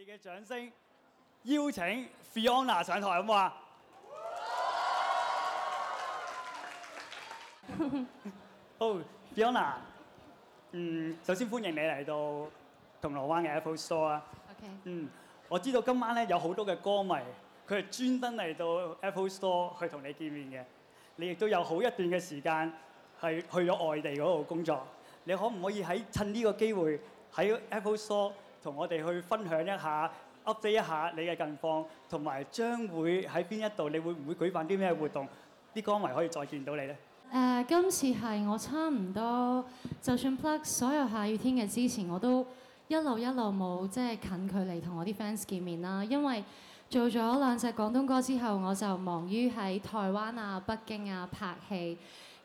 你嘅掌聲，邀請 Fiona 上台好唔好啊？哦，Fiona，嗯，首先歡迎你嚟到銅鑼灣嘅 Apple Store 啊。OK。嗯，我知道今晚咧有好多嘅歌迷，佢係專登嚟到 Apple Store 去同你見面嘅。你亦都有好一段嘅時間係去咗外地嗰度工作。你可唔可以喺趁呢個機會喺 Apple Store，同我哋去分享一下，update 一下你嘅近況，同埋將會喺邊一度，你會唔會舉辦啲咩活動？啲光圍可以再見到你呢？誒、呃，今次係我差唔多，就算 plug 所有下雨天嘅之前，我都一路一路冇即係近距離同我啲 fans 見面啦。因為做咗兩隻廣東歌之後，我就忙於喺台灣啊、北京啊拍戲。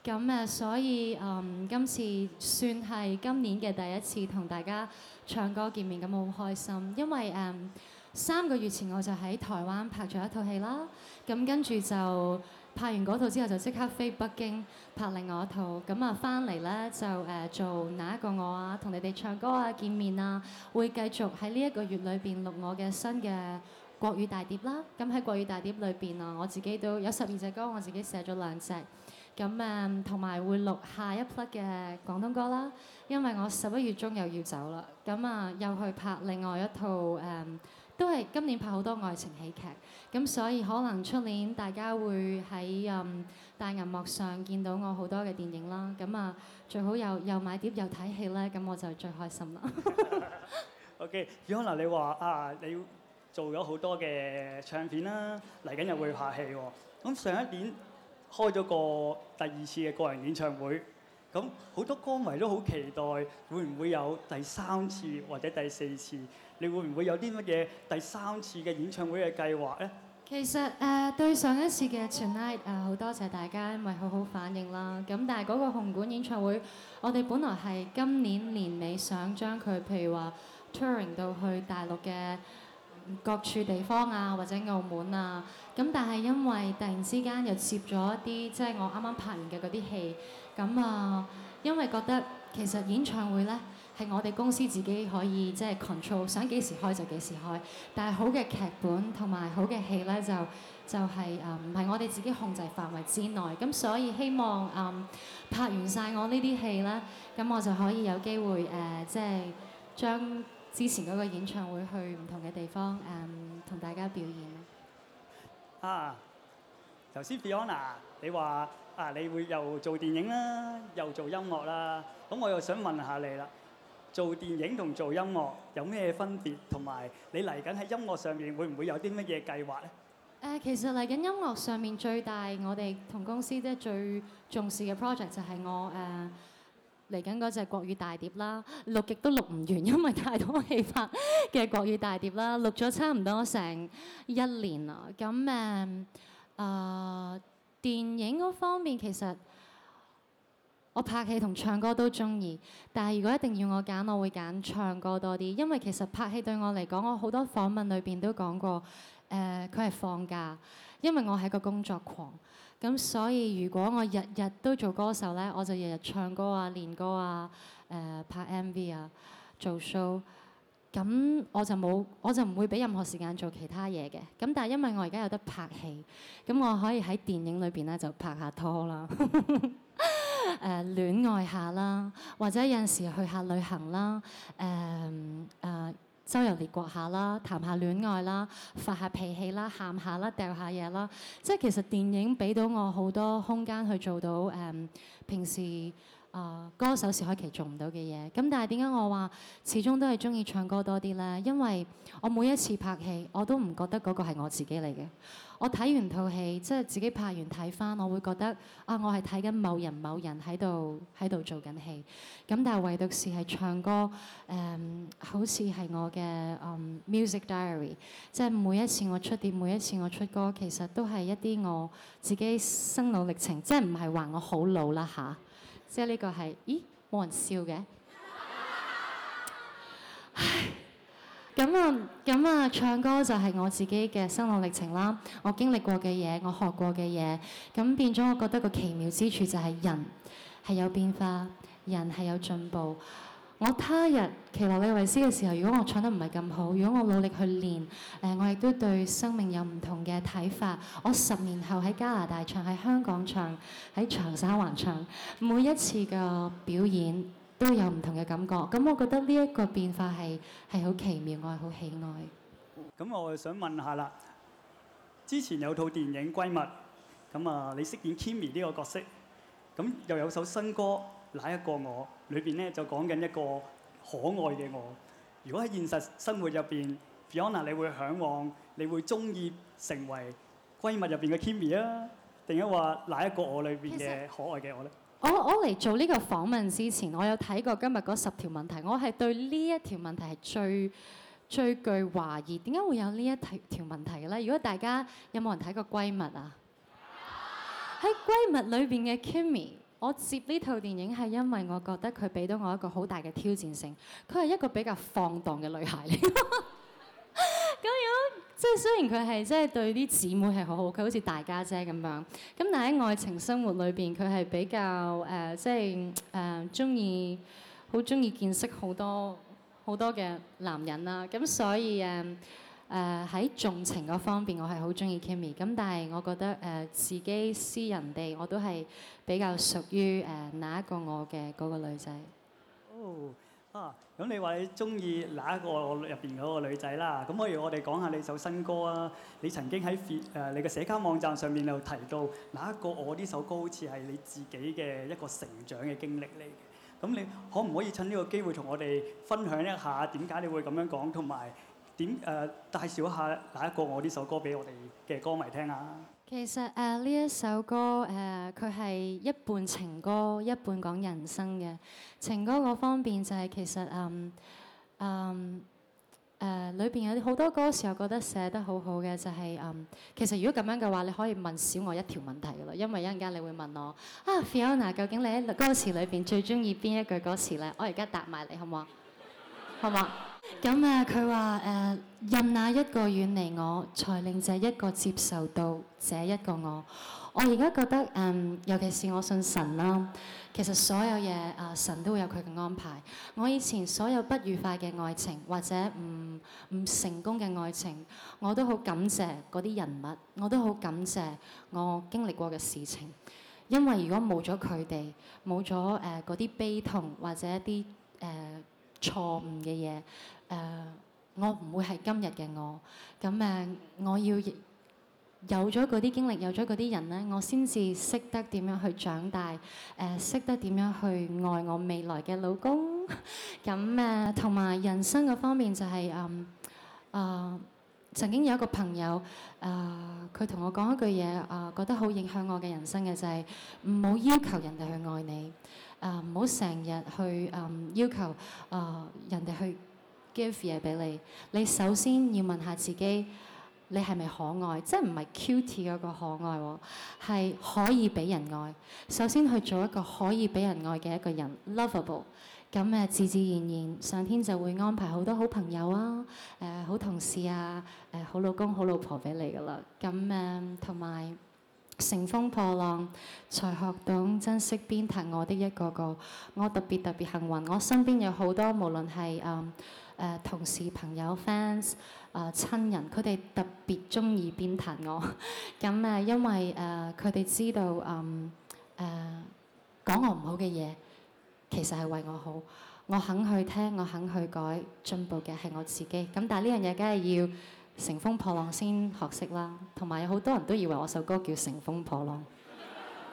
咁誒，所以誒、嗯，今次算係今年嘅第一次同大家唱歌見面，咁好開心。因為誒、嗯，三個月前我就喺台灣拍咗一套戲啦，咁跟住就拍完嗰套之後就即刻飛北京拍另外一套，咁啊翻嚟咧就誒、呃、做那一個我啊，同你哋唱歌啊，見面啊，會繼續喺呢一個月裏邊錄我嘅新嘅國語大碟啦。咁喺國語大碟裏邊啊，我自己都有十二隻歌，我自己寫咗兩隻。咁誒，同埋會錄下一 part 嘅廣東歌啦，因為我十一月中又要走啦，咁啊又去拍另外一套誒，都係今年拍好多愛情喜劇，咁所以可能出年大家會喺嗯大銀幕上見到我好多嘅電影啦，咁啊最好又又買碟又睇戲咧，咁我就最開心啦。OK，Fiona 你話啊，你做咗好多嘅唱片啦，嚟緊又會拍戲喎，咁上一年，開咗個第二次嘅個人演唱會，咁好多歌迷都好期待，會唔會有第三次或者第四次？你會唔會有啲乜嘢第三次嘅演唱會嘅計劃呢？其實誒對上一次嘅 Tonight 誒好多謝大家因為好好反應啦。咁但係嗰個紅館演唱會，我哋本來係今年年尾想將佢譬如話 touring 到去大陸嘅。各處地方啊，或者澳門啊，咁但係因為突然之間又接咗一啲，即係我啱啱拍完嘅嗰啲戲，咁啊，因為覺得其實演唱會呢，係我哋公司自己可以即係 control，想幾時開就幾時開，但係好嘅劇本同埋好嘅戲呢，就就係誒唔係我哋自己控制範圍之內，咁所以希望誒、嗯、拍完晒我呢啲戲呢，咁我就可以有機會誒即係將。之前嗰個演唱會去唔同嘅地方，誒同大家表演。啊，頭先 Fiona，你話啊，你會又做電影啦，又做音樂啦，咁我又想問下你啦，做電影同做音樂有咩分別？同埋你嚟緊喺音樂上面會唔會有啲乜嘢計劃咧？誒，其實嚟緊音樂上面最大，我哋同公司即係最重視嘅 project 就係我誒。嚟緊嗰隻國語大碟啦，錄極都錄唔完，因為太多戲拍嘅國語大碟啦，錄咗差唔多成一年啦。咁誒啊，電影嗰方面其實我拍戲同唱歌都中意，但係如果一定要我揀，我會揀唱歌多啲，因為其實拍戲對我嚟講，我好多訪問裏邊都講過，誒佢係放假，因為我係個工作狂。咁所以如果我日日都做歌手呢，我就日日唱歌啊、練歌啊、呃、拍 MV 啊、做 show，咁我就冇，我就唔會俾任何時間做其他嘢嘅。咁但係因為我而家有得拍戲，咁我可以喺電影裏邊呢就拍下拖啦，誒 戀愛下啦，或者有陣時去下旅行啦，誒、呃。周遊列國下啦，談下戀愛啦，發下脾氣啦，喊下啦，掉下嘢啦，即係其實電影俾到我好多空間去做到誒、嗯、平時。啊！Uh, 歌手薛凱琪做唔到嘅嘢咁，但係點解我話始終都係中意唱歌多啲呢？因為我每一次拍戲，我都唔覺得嗰個係我自己嚟嘅。我睇完套戲，即係自己拍完睇返，我會覺得啊，我係睇緊某人某人喺度喺度做緊戲。咁但係唯獨是係唱歌誒、嗯，好似係我嘅、um, music diary，即係每一次我出碟，每一次我出歌，其實都係一啲我自己心路歷程，即係唔係話我好老啦嚇。即係呢個係，咦，冇人笑嘅。唉，咁啊咁啊，唱歌就係我自己嘅生活歷程啦。我經歷過嘅嘢，我學過嘅嘢，咁變咗，我覺得個奇妙之處就係人係有變化，人係有進步。我他日奇洛李維斯嘅時候，如果我唱得唔係咁好，如果我努力去練，誒、呃，我亦都對生命有唔同嘅睇法。我十年後喺加拿大唱，喺香港唱，喺長沙還唱，每一次嘅表演都有唔同嘅感覺。咁我覺得呢一個變化係係好奇妙，我係好喜愛。咁我係想問下啦，之前有套電影閨密《閨蜜》，咁啊，你飾演 Kimmy 呢個角色，咁又有首新歌。.那一個我裏邊咧，就講緊一個可愛嘅我。如果喺現實生活入邊，Fiona，你會嚮往，你會中意成為閨蜜入邊嘅 Kimi 啊？定抑或那一個我裏邊嘅可愛嘅我咧？我我嚟做呢個訪問之前，我有睇過今日嗰十條問題，我係對呢一條問題係最最具懷疑。點解會有呢一條問題咧？如果大家有冇人睇過閨蜜啊？喺閨蜜裏邊嘅 Kimi 我接呢套電影係因為我覺得佢俾到我一個好大嘅挑戰性，佢係一個比較放蕩嘅女孩嚟。咁如果，即係雖然佢係即係對啲姊妹係好好，佢好似大家姐咁樣。咁但喺愛情生活裏邊，佢係比較誒、呃，即係誒中意，好中意見識好多好多嘅男人啦。咁所以誒。呃誒喺、uh, 重情嗰方面，我係好中意 Kimi 咁但係我覺得誒、uh, 自己私人地，我都係比較屬於誒、uh, 那一個我嘅嗰個女仔。哦，oh, 啊，咁、嗯、你話你中意那一個我入邊嗰個女仔啦？咁可以我哋講下你首新歌啊！你曾經喺誒、uh, 你嘅社交網站上面又提到那一個我呢首歌，好似係你自己嘅一個成長嘅經歷嚟嘅。咁你可唔可以趁呢個機會同我哋分享一下點解你會咁樣講，同埋？點誒介紹一下那一個我呢首歌俾我哋嘅歌迷聽下。其實誒呢、呃、一首歌誒佢係一半情歌一半講人生嘅。情歌嗰方面就係其實嗯嗯誒裏邊有好多歌詞我覺得寫得好好嘅，就係、是、嗯，其實如果咁樣嘅話你可以問少我一條問題㗎啦，因為一陣間你會問我啊，Fiona 究竟你喺歌詞裏邊最中意邊一句歌詞咧？我而家答埋你好唔好啊？好唔好？好咁啊，佢話誒，任那一個遠離我，才令這一個接受到這一個我。我而家覺得嗯、呃，尤其是我信神啦，其實所有嘢啊、呃，神都會有佢嘅安排。我以前所有不愉快嘅愛情或者唔唔成功嘅愛情，我都好感謝嗰啲人物，我都好感謝我經歷過嘅事情，因為如果冇咗佢哋，冇咗誒嗰啲悲痛或者一啲誒。呃錯誤嘅嘢，誒，uh, 我唔會係今日嘅我，咁誒，uh, 我要有咗嗰啲經歷，有咗嗰啲人咧，我先至識得點樣去長大，誒，識得點樣去愛我未來嘅老公，咁 誒，同、uh, 埋人生嗰方面就係、是、誒，誒、um, uh,，曾經有一個朋友，誒，佢同我講一句嘢，誒、uh,，覺得好影響我嘅人生嘅就係唔好要求人哋去愛你。啊，唔好成日去啊、嗯、要求啊、呃、人哋去 give 嘢俾你，你首先要問下自己，你係咪可愛？即係唔係 cute 嗰個可愛喎？係可以俾人愛，首先去做一個可以俾人愛嘅一個人，lovable。咁誒、呃，自自然然上天就會安排好多好朋友啊，誒、呃、好同事啊，誒、呃、好老公好老婆俾你噶啦。咁誒同埋。呃乘風破浪，才學懂珍惜鞭撻我的一個個。我特別特別幸運，我身邊有好多無論係誒誒同事、朋友、fans 啊、呃、親人，佢哋特別中意鞭撻我。咁 誒、嗯，因為誒佢哋知道誒、嗯呃、講我唔好嘅嘢，其實係為我好。我肯去聽，我肯去改，進步嘅係我自己。咁、嗯、但係呢樣嘢，梗係要。乘風破浪先學識啦，同埋有好多人都以為我首歌叫《乘風破浪》，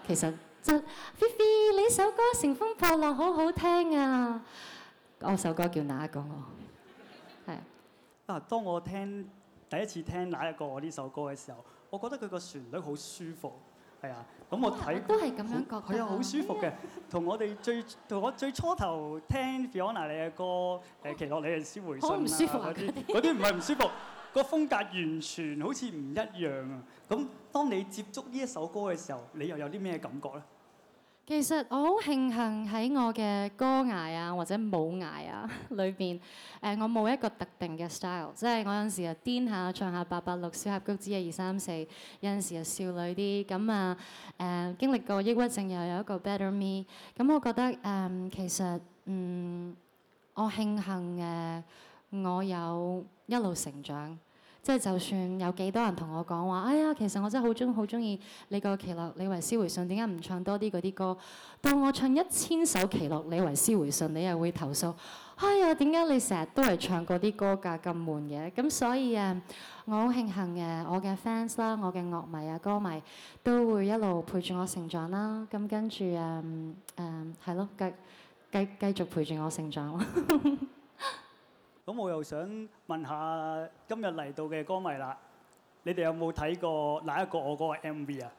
其實真。菲菲，你首歌《乘風破浪》好好聽啊！我首歌叫那一個我。係。啊，當我聽第一次聽那一個我呢首歌嘅時候，我覺得佢個旋律好舒服。係啊，咁我睇都係咁樣覺得。啊，好舒服嘅，同的我哋最同我最初頭聽 Fiona 你嘅歌，誒，奇諾你嘅《詩回信》啊，嗰啲嗰啲唔係唔舒服。 個風格完全好似唔一樣啊！咁，當你接觸呢一首歌嘅時候，你又有啲咩感覺呢？其實我好慶幸喺我嘅歌涯啊，或者舞涯啊裏邊，誒，我冇一個特定嘅 style，即係我有陣時又癲下唱下八八六小合曲子一二三四，有陣時又少女啲咁啊！誒，經歷過抑鬱症又有一個 Better Me，咁我覺得誒，其實嗯，我慶幸嘅。我有一路成長，即係就算有幾多人同我講話，哎呀，其實我真係好鍾好鍾意你個《奇洛李維斯回信》，點解唔唱多啲嗰啲歌？到我唱一千首《奇洛李維斯回信》，你又會投訴，哎呀，點解你成日都係唱嗰啲歌㗎？咁悶嘅。咁所以誒，我好慶幸嘅，我嘅 fans 啦，我嘅樂迷啊，歌迷都會一路陪住我成長啦。咁跟住誒誒，係咯，繼繼繼續陪住我成長。 咁我又想問下今日嚟到嘅歌迷啦，你哋有冇睇過那一個我嗰個 MV 啊？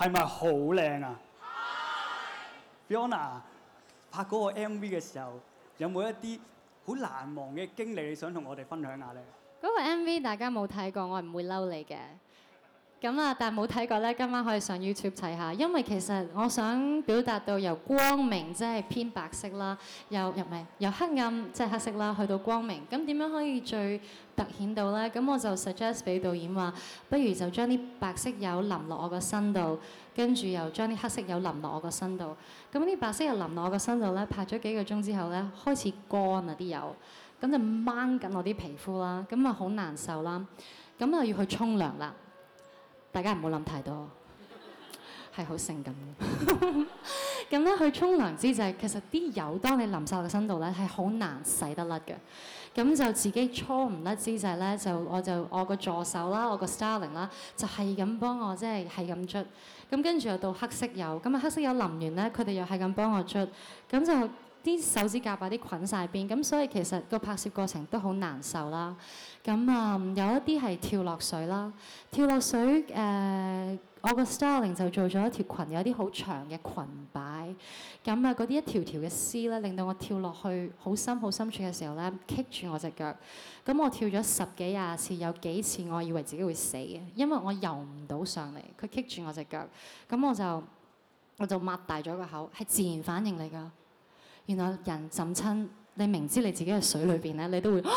有，係咪好靚啊？係。Fiona 拍嗰個 MV 嘅時候，有冇一啲好難忘嘅經歷你想同我哋分享下咧？嗰個 MV 大家冇睇過，我唔會嬲你嘅。咁啊！但係冇睇過咧，今晚可以上 YouTube 睇下，因為其實我想表達到由光明即係、就是、偏白色啦，又又係由黑暗即係、就是、黑色啦，去到光明。咁點樣可以最突顯到咧？咁我就 suggest 俾導演話，不如就將啲白色油淋落我個身度，跟住又將啲黑色油淋落我個身度。咁啲白色又淋落我個身度咧，拍咗幾個鐘之後咧，開始乾啊啲油，咁就掹緊我啲皮膚啦，咁啊好難受啦，咁啊要去沖涼啦。大家唔好諗太多，係好性感嘅。咁 咧，去沖涼之際，其實啲油當你淋曬落個身度咧，係好難洗得甩嘅。咁就自己搓唔甩之際咧，就我就我個助手啦，我個 Styling 啦，就係咁幫我即係係咁捽。咁跟住又到黑色油，咁啊黑色油淋完咧，佢哋又係咁幫我捽。咁就。啲手指甲擺啲捆晒邊，咁所以其實個拍攝過程都好難受啦。咁啊，有一啲係跳落水啦，跳落水，誒、呃，我個 styling 就做咗一條裙，有啲好長嘅裙擺。咁啊，嗰啲一條條嘅絲咧，令到我跳落去好深、好深處嘅時候咧，棘住我隻腳。咁我跳咗十幾廿次，有幾次我以為自己會死嘅，因為我游唔到上嚟，佢棘住我隻腳。咁我就我就擘大咗個口，係自然反應嚟㗎。原來人浸親，你明知你自己喺水裏邊咧，你都會啊，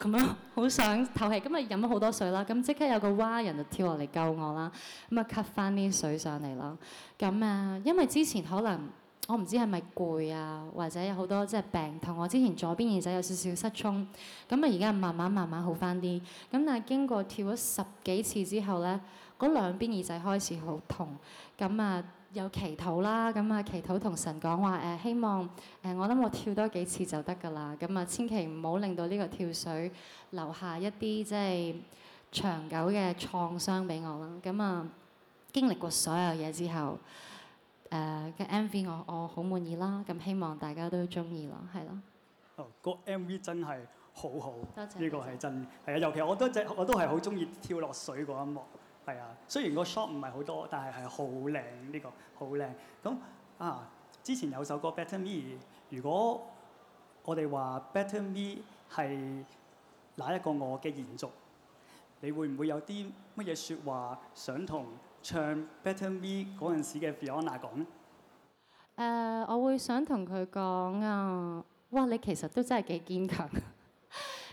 咁樣好想透氣。咁啊飲咗好多水啦，咁即刻有個蛙人就跳落嚟救我啦，咁啊吸翻啲水上嚟囉。咁啊，因為之前可能我唔知係咪攰啊，或者有好多即係病痛。我之前左邊耳仔有少少失聰，咁啊而家慢慢慢慢好翻啲。咁但係經過跳咗十幾次之後咧，嗰兩邊耳仔開始好痛。咁啊～有祈禱啦，咁啊祈禱同神講話，誒、呃、希望誒、呃、我諗我跳多幾次就得㗎啦，咁啊千祈唔好令到呢個跳水留下一啲即係長久嘅創傷俾我啦，咁啊經歷過所有嘢之後，誒、呃、嘅 MV 我我好滿意啦，咁希望大家都中意咯，係咯。哦，個 MV 真係好好，多謝，呢個係真，係啊，尤其我都我都係好中意跳落水嗰一幕。係啊，雖然個 shop 唔係好多，但係係好靚，呢個好靚。咁啊，之前有首歌《Better Me》，如果我哋話《Better Me》係那一個我嘅延續，你會唔會有啲乜嘢説話想同唱《Better Me》嗰陣時嘅 Fiona 講咧？誒，uh，我會想同佢講啊！哇，你其實都真係幾堅強。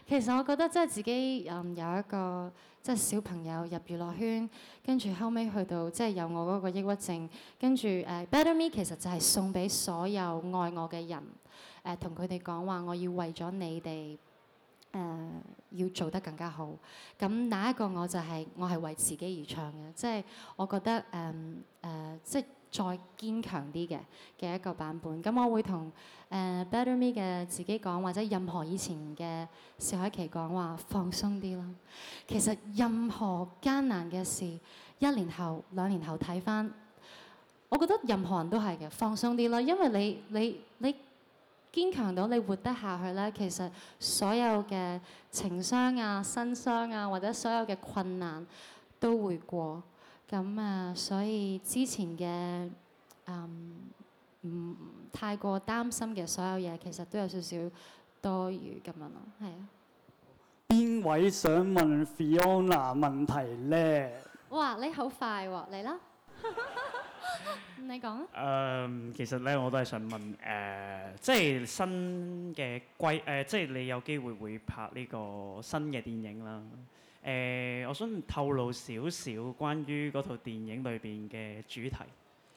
其實我覺得即係自己有一個即係小朋友入娛樂圈，跟住後尾去到即係有我嗰個抑鬱症，跟住誒 Better Me 其實就係送俾所有愛我嘅人，誒同佢哋講話我要為咗你哋誒、呃、要做得更加好。咁那一個我就係，我係為自己而唱嘅，即係我覺得誒誒、呃呃、即係。再堅強啲嘅嘅一個版本，咁、嗯、我會同誒、呃、Better Me 嘅自己講，或者任何以前嘅薛凱琪講話，放鬆啲啦。其實任何艱難嘅事，一年後、兩年後睇返，我覺得任何人都係嘅，放鬆啲啦！因為你你你堅強到你活得下去呢，其實所有嘅情商啊、心傷啊，或者所有嘅困難都會過。咁啊、嗯，所以之前嘅嗯唔太過擔心嘅所有嘢，其實都有少少多餘咁樣咯，係啊。邊位想問 Fiona 問題咧？哇，你好快喎、哦！嚟啦， 你講啊吧。誒、呃，其實咧我都係想問誒、呃，即係新嘅歸誒，即係你有機會會拍呢個新嘅電影啦。誒，uh, 我想透露少少關於嗰套電影裏邊嘅主題。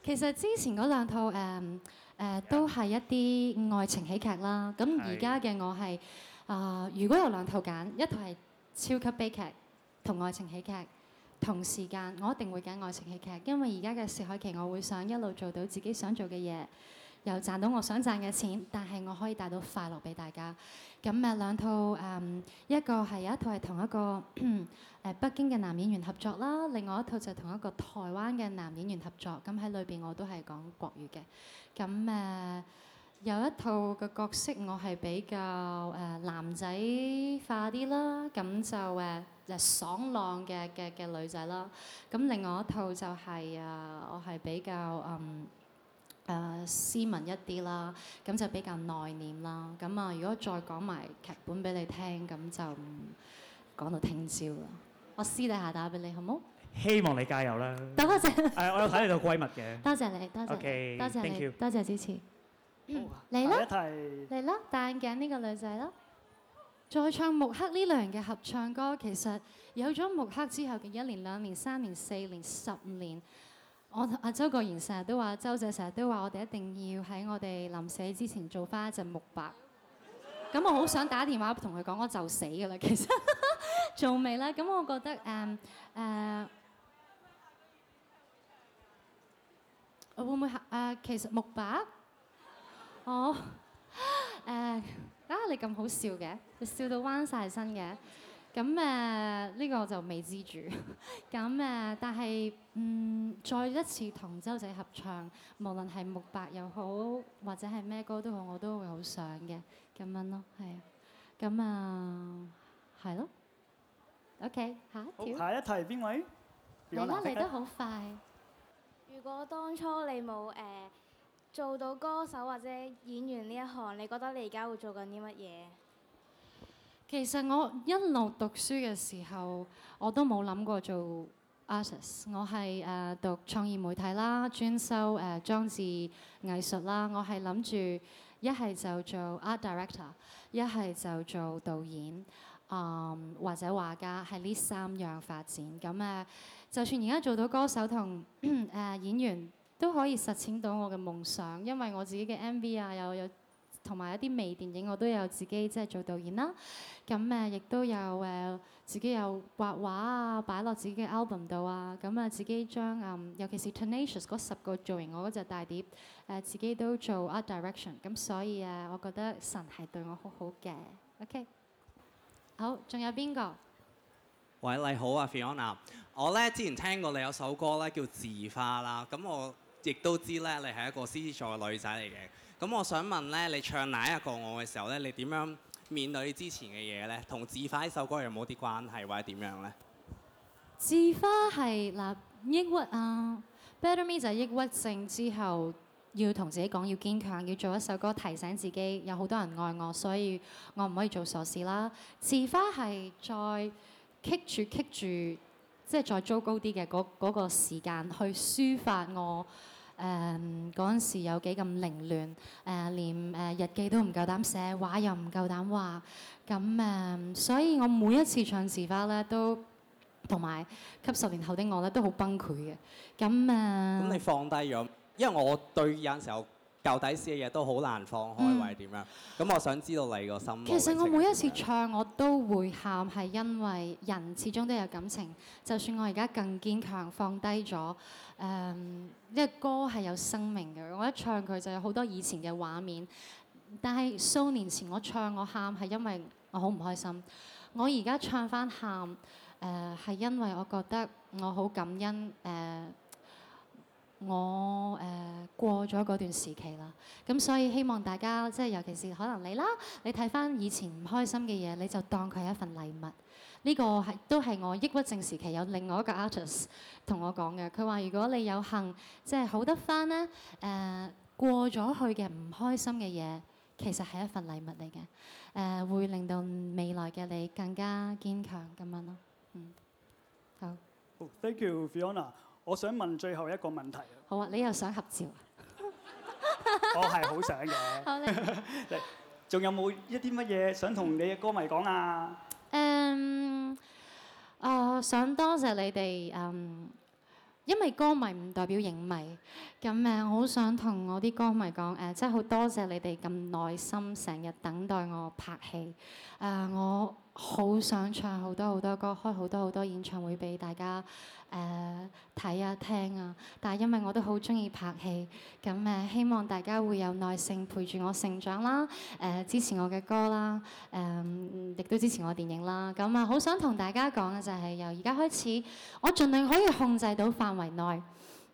其實之前嗰兩套誒誒、um, uh, Yeah. 都係一啲愛情喜劇啦。咁而家嘅我係啊，uh, 如果有兩套揀，一套係超級悲劇同愛情喜劇，同時間，我一定會揀愛情喜劇，因為而家嘅薛凱琪，我會想一路做到自己想做嘅嘢。又賺到我想賺嘅錢，但係我可以帶到快樂俾大家。咁誒兩套誒、嗯，一個係有一套係同一個誒 北京嘅男演員合作啦，另外一套就同一個台灣嘅男演員合作。咁喺裏邊我都係講國語嘅。咁誒、呃、有一套嘅角色我係比較誒男仔化啲啦，咁就誒、啊、就係、爽朗嘅嘅嘅女仔啦。咁另外一套就係、係、啊，我係比較嗯。誒、uh, 斯文一啲啦，咁就比較內斂啦。咁啊，如果再講埋劇本俾你聽，咁就講到聽朝啦。我私底下打俾你，好唔好？希望你加油啦！多謝誒， 我有睇你個閨蜜嘅。 多謝你，多謝你，okay, 多謝你，thank you. 多謝支持。嚟啦哇！下一題。嚟啦吧！戴眼鏡呢個女仔啦。再唱木克呢類型嘅合唱歌，其實有咗木克之後嘅一年，年、兩年、三年、四年、十年。十五年。我同阿周國賢成日都話，周姐成日都話，我哋一定要喺我哋臨死之前做翻一隻木白。咁 我好想打電話同佢講，我就死㗎啦。其實仲未咧？咁 我覺得誒誒，uh, uh, 會唔會係、uh, 其實木白，我、oh, 誒、uh, 啊！你咁好笑嘅，你笑到彎晒身嘅。咁誒呢個就未知住。咁 誒，但係嗯，再一次同周仔合唱，無論係木白又好，或者係咩歌都好，我都會好想嘅咁樣咯，係啊。咁啊，係咯。OK，下一條。下一題邊位？嚟啦， 嚟得好快。 如果當初你冇誒、呃、做到歌手或者演員呢一行，你覺得你而家會做緊啲乜嘢？其實我一路讀書嘅時候，我都冇諗過做 artist。我係誒、呃、讀創意媒體啦，專修誒裝置藝術啦。我係諗住一係就做 art director，一係就做導演，啊、呃、或者畫家，係呢三樣發展。咁誒、呃，就算而家做到歌手同誒、呃、演員，都可以實踐到我嘅夢想，因為我自己嘅 MV 啊，有有。同埋一啲微電影，我都有自己即係做導演啦。咁、啊、誒，亦都有誒、啊、自己有畫畫啊，擺落自己嘅 album 度啊。咁啊，自己將誒、啊、尤其是 Tenacious 嗰十個造型，我嗰隻大碟誒、啊、自己都做 art direction，啊。咁所以啊，我覺得神係對我好好嘅。OK，好，仲有邊個？喂，你好啊，Fiona。我咧之前聽過你有首歌咧叫《字花》啦。咁我亦都知咧，你係一個獅子座嘅女仔嚟嘅。咁我想問咧，你唱那一個我嘅時候咧，你點樣面對之前嘅嘢咧？同《自發》呢首歌有冇啲關係或者點樣咧？自發《自發》係嗱，抑鬱啊，《Better Me》就係抑鬱症之後要同自己講要堅強，要做一首歌提醒自己有好多人愛我，所以我唔可以做傻事啦。《自發》係再棘住棘住，即係再糟糕啲嘅嗰嗰個時間去抒發我。誒嗰陣時有幾咁凌亂，誒、uh, 連誒、uh, 日記都唔夠膽寫，話又唔夠膽話，咁誒，所以我每一次唱《字花》咧，都同埋給十年後的我咧，都好崩潰嘅。咁誒，咁你放低咗，因為我對有陣時候。舊底線嘅嘢都好難放開，或者點樣？咁我想知道你個心。其實我每一次唱我都會喊，係因為人始終都有感情。就算我而家更堅強，放低咗誒，呃，呢個歌係有生命嘅。我一唱佢就有好多以前嘅畫面。但係數年前我唱我喊係因為我好唔開心。我而家唱返喊誒係因為我覺得我好感恩誒。呃我誒、呃、過咗嗰段時期啦，咁所以希望大家即係尤其是可能你啦，你睇翻以前唔開心嘅嘢，你就當佢係一份禮物。呢、這個係都係我抑鬱症時期有另外一個 artist 同我講嘅。佢話如果你有幸即係好得翻呢，誒、呃、過咗去嘅唔開心嘅嘢，其實係一份禮物嚟嘅，誒、呃、會令到未來嘅你更加堅強咁樣咯。嗯，好。Oh, thank you, Fiona。我想問最後一個問題。好啊，你又想合照？我係好想嘅。好咧，嚟，仲有冇一啲乜嘢想同你嘅歌迷講啊？誒，啊，想多謝你哋誒，因為歌迷唔代表影迷，咁誒，我好想同我啲歌迷講誒，真係好多謝你哋咁耐心成日等待我拍戲。啊，我。好想唱好多好多歌，開好多好多演唱會俾大家誒睇啊聽啊！但係因為我都好中意拍戲，咁誒希望大家會有耐性陪住我成長啦，誒、呃、支持我嘅歌啦，誒、呃、亦都支持我電影啦。咁啊，好想同大家講嘅就係由而家開始，我盡量可以控制到範圍內，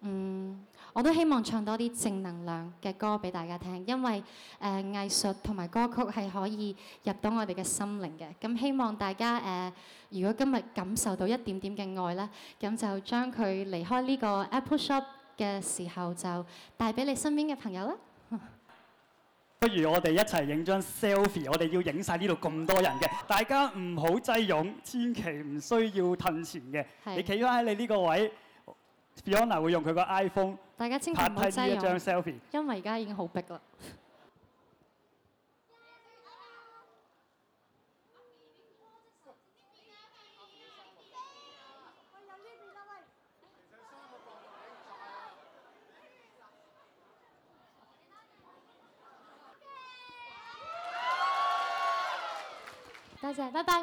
嗯。我都希望唱多啲正能量嘅歌俾大家聽，因為誒藝術同埋歌曲係可以入到我哋嘅心靈嘅。咁希望大家誒，如果今日感受到一點點嘅愛咧，咁就將佢離開呢個 Apple Shop 嘅時候，就帶俾你身邊嘅朋友啦。不如我哋一齊影張 selfie，我哋要影曬呢度咁多人嘅，大家唔好擠擁，千祈唔需要褪前嘅。你企咗喺你呢個位，Fiona 會用佢個 iPhone。大家拍低呢一張 selfie，因為而家已經好迫啦。多謝，拜拜。